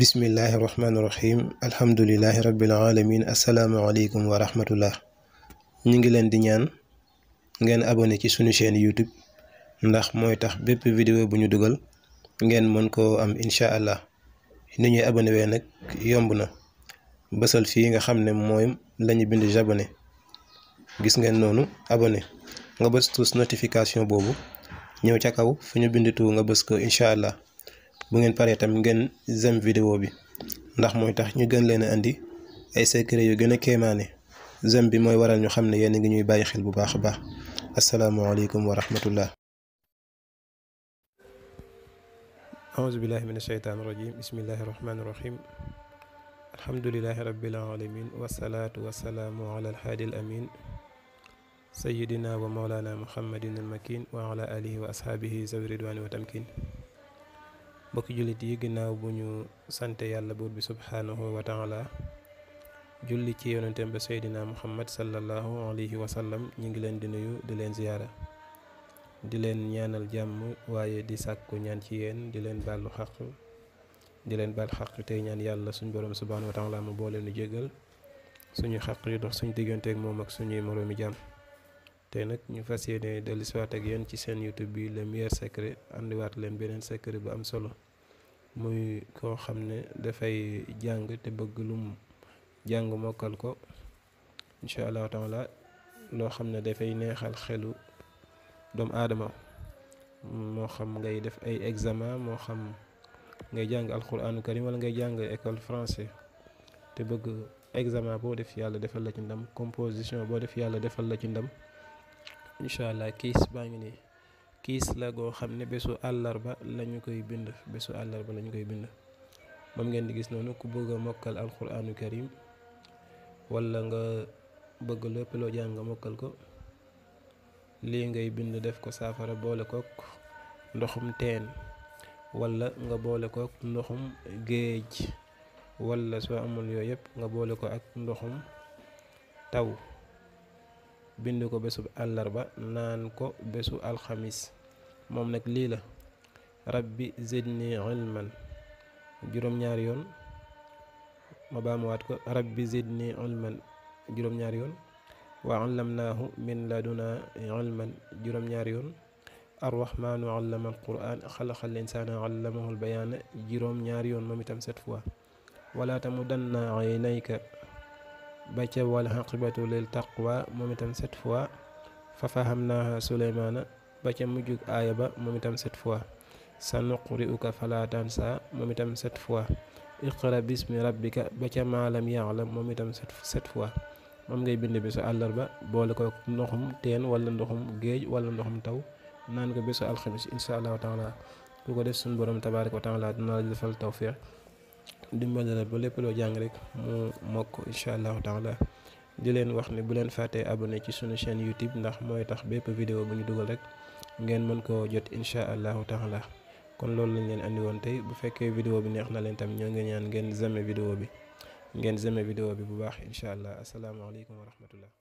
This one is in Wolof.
بسم الله الرحمن الرحيم الحمد لله رب العالمين السلام عليكم ورحمة الله نجلن دنيان نجن أبوني كي سوني شين يوتيوب ندخ موي تخ بيب فيديو بني دوغل نجن منكو أم إن شاء الله نجن أبوني بينك يوم بنا بسال في نجا خم نموي لني بند جابني جس نجن نونو أبوني نجا بس توس نوتيفيكاسيون بوبو نيو تكاو فيني بند تو إن شاء الله bu ngeen paree tam ngeen zem vidéo bi ndax moy tax ñu gën leena andi ay secret yu gëna kémané kéemaane zem bi moy waral ñu xamné yéen a ngi ñuy bàyyi xel bu baax baax assalamu alaykum wa rahmatullah أعوذ بالله من الشيطان الرجيم بسم الله الرحمن الرحيم الحمد لله رب العالمين والصلاة والسلام على الحادي الأمين سيدنا ومولانا محمد المكين وعلى آله وأصحابه ذوي الرضوان والتمكين mbokki jullit yi ginnaaw bu ñu sante yàlla buur bi subhaanahu wa taala julli ci yonenteem ba seydina muhammad sallallahu alayhi wa sallam ñu ngi leen di nuyu di leen ziyaara di leen ñaanal jàmm waaye di sàkku ñaan ci yéen di leen baalu xaq di leen baal xaq tey ñaan yàlla suñ borom subhaanahu wa taala mu boole nu jégal suñu xaq yu dox suñu digganteek moom ak suñuy moroomi jàmm tey nag ñu fas yéene dellusiwaat ak yéen ci seen youtube bi le meilleur secret àndiwaat leen beneen secret bu am solo muy ko xamne da fay jàng te bëgg lu mu jàng mokkal ko insha allah taala lo xamne da fay neexal xelu dom adama mo xam ngay def ay examen mo xam ngay jàng alquran karim wala ngay jàng école français te bëgg examen bo def yàlla defal la ci ndam composition bo def yàlla defal la ci ndam insha allah kiss baa ngi nii kiis la goo xam ne bésu àllarba lañu koy bind bésu àllarba lañu koy bind moom ngeen di gis noonu ku bëgg a mokkal alquraanu karim wala nga bëgg lépp loo jàng nga mokkal ko lii ngay bind def ko saafara boole kook ndoxum teen wala nga boole kook ndoxum géej walla soo amul yooyu yëpp nga boole ko ak ndoxum taw bind ko bésub àllarba naan ko bésu alxamis moom nag lii la rabbi zidni ilman juróom-ñaari yoon ma baamuwaat ko rabbi zidni ilman juróom-ñaari yoon wa allamnahu min laduna ilman juróom-ñaari yoon arrahmaanu allama alquran xalaqal insaana allamahu albayaana juróom-ñaari yoon moom itam sept fois wala tamudanna aynayka ba ca wal xaqibatu lil taqwa moom itam sept fois fa fahamnaaha suleymaana ba ca mujjug aaya ba moom itam sept fois sa nuqri'uka fala tansa moom itam sept fois iqra ya'lam moom itam sept fois moom ngay bind bésu àllarba boole ko ndoxum teen wala ndoxum géej wala ndoxum taw naan ko bésu alxamis insha allahu taala ku ko def suñu borom tabaaraka wa taala dina la defal tawfiq dimbali la ba lépp loo jàng rek mu mokk incha allahu taala di leen wax ne bu leen fàttee abonné ci sunu chaîne YouTube ndax mooy tax bépp vidéo bu ñu dugal rek ngeen mën ko jot incha allahu taala kon loolu lañ leen andi woon tey bu fekkee vidéo bi neex na leen tam ñoo ngi ñaan ngeen zame vidéo bi ngeen zame vidéo bi bu baax incha allah asalaamaaleykum wa rahmatullah